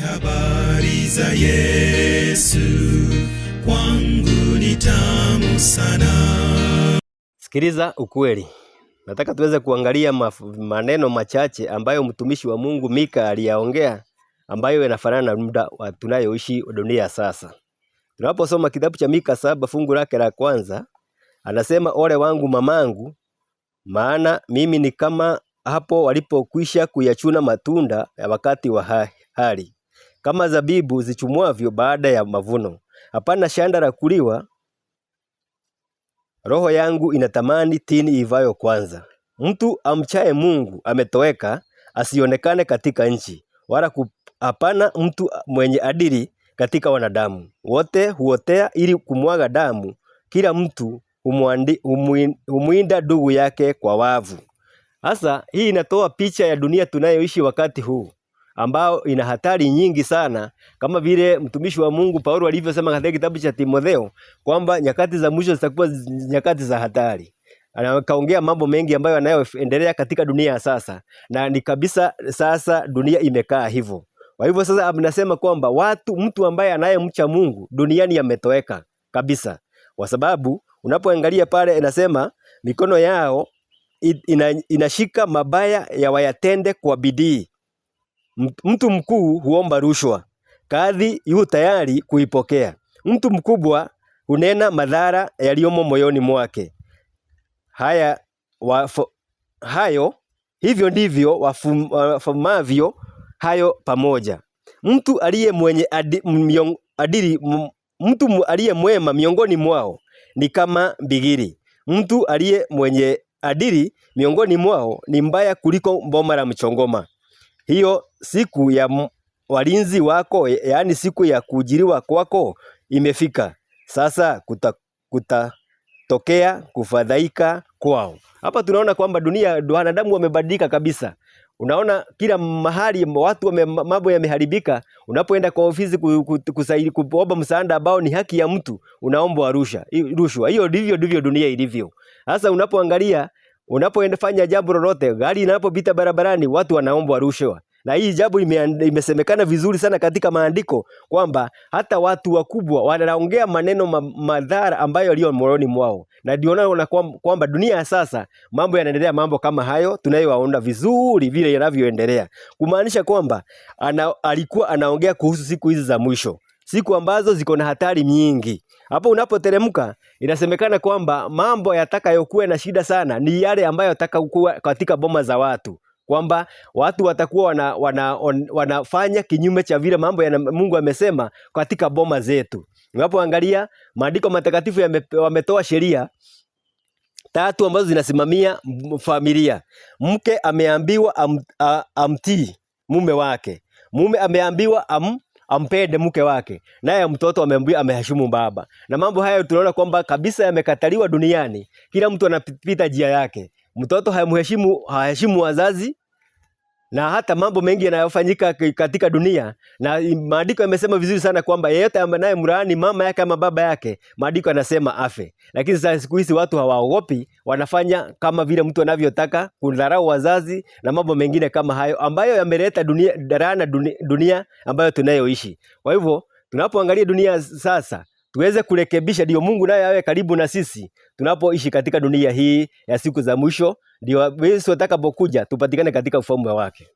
habari za Yesu kwangu ni tamu sana. Sikiliza ukweli. Nataka tuweze kuangalia maf, maneno machache ambayo mtumishi wa Mungu Mika aliyaongea ambayo yanafanana na muda tunayoishi dunia sasa. Tunaposoma kitabu cha Mika saba fungu lake la kwanza, anasema ole wangu mamangu, maana mimi ni kama hapo walipokwisha kuyachuna matunda ya wakati wa hali kama zabibu zichumwavyo baada ya mavuno, hapana shanda la kuliwa. Roho yangu inatamani tini ivayo kwanza. Mtu amchaye Mungu ametoweka, asionekane katika nchi, wala hapana mtu mwenye adili katika wanadamu. Wote huotea ili kumwaga damu, kila mtu humwinda ndugu yake kwa wavu. Hasa hii inatoa picha ya dunia tunayoishi wakati huu ambao ina hatari nyingi sana, kama vile mtumishi wa Mungu Paulo alivyosema katika kitabu cha Timotheo kwamba nyakati za mwisho zitakuwa nyakati za hatari. Anakaongea mambo mengi ambayo yanayoendelea katika dunia sasa, na ni kabisa sasa dunia imekaa hivyo. Kwa hivyo sasa anasema kwamba watu, mtu ambaye anayemcha Mungu duniani ametoweka kabisa, kwa sababu unapoangalia pale inasema mikono yao inashika mabaya ya wayatende kwa bidii Mtu mkuu huomba rushwa. Kadhi yu tayari kuipokea. Mtu mkubwa hunena madhara yaliyomo moyoni mwake. Haya hayo hivyo ndivyo wafumavyo hayo pamoja. Mtu aliye mwenye adili mtu aliye mwema miongoni mwao ni kama bigiri. Mtu aliye mwenye adili miongoni mwao ni mbaya kuliko mboma la mchongoma. Hiyo siku ya walinzi wako, yaani siku ya kujiriwa kwako imefika. Sasa kutatokea kuta kufadhaika kwao. Hapa tunaona kwamba dunia, wanadamu wamebadilika kabisa. Unaona kila mahali watu wame, mambo yameharibika. Unapoenda kwa ofisi kusaidia kuomba msaada ambao ni haki ya mtu, unaomba rushwa. Rushwa hiyo ndivyo ndivyo dunia ilivyo. Sasa unapoangalia, unapoenda fanya jambo lolote, gari inapopita barabarani, watu wanaombwa rushwa. Na hii jambo imesemekana vizuri sana katika maandiko kwamba hata watu wakubwa wanaongea maneno ma, madhara ambayo yaliyo moyoni mwao, na ndio naona kwamba dunia ya sasa mambo yanaendelea, mambo kama hayo tunayoyaona vizuri vile yanavyoendelea, kumaanisha kwamba ana, alikuwa anaongea kuhusu siku hizi za mwisho, siku ambazo ziko na hatari nyingi. Hapo unapoteremka inasemekana kwamba mambo yatakayokuwa na shida sana ni yale ambayo yatakayokuwa katika boma za watu kwamba watu watakuwa wana, wana, on, wanafanya kinyume cha vile mambo ya Mungu amesema katika boma zetu. Unapoangalia maandiko matakatifu yametoa sheria tatu ambazo zinasimamia familia. Mke ameambiwa am, a, amtii mume wake. Mume ameambiwa am, ampende mke wake, naye mtoto ameambiwa ameheshimu baba. Na mambo haya tunaona kwamba kabisa yamekataliwa duniani. Kila mtu anapita njia yake. Mtoto hamheshimu haheshimu wazazi, na hata mambo mengi yanayofanyika katika dunia, na maandiko yamesema vizuri sana kwamba yeyote ambaye mlaani mama yake ama baba yake, maandiko yanasema afe. Lakini sasa siku hizi watu hawaogopi, wanafanya kama vile mtu anavyotaka, kudharau wazazi na mambo mengine kama hayo, ambayo yameleta dunia, darana dunia, dunia ambayo tunayoishi. Kwa hivyo tunapoangalia dunia sasa tuweze kurekebisha, ndio Mungu naye awe karibu na sisi tunapoishi katika dunia hii ya siku za mwisho, ndio Yesu atakapokuja tupatikane katika ufalme wake.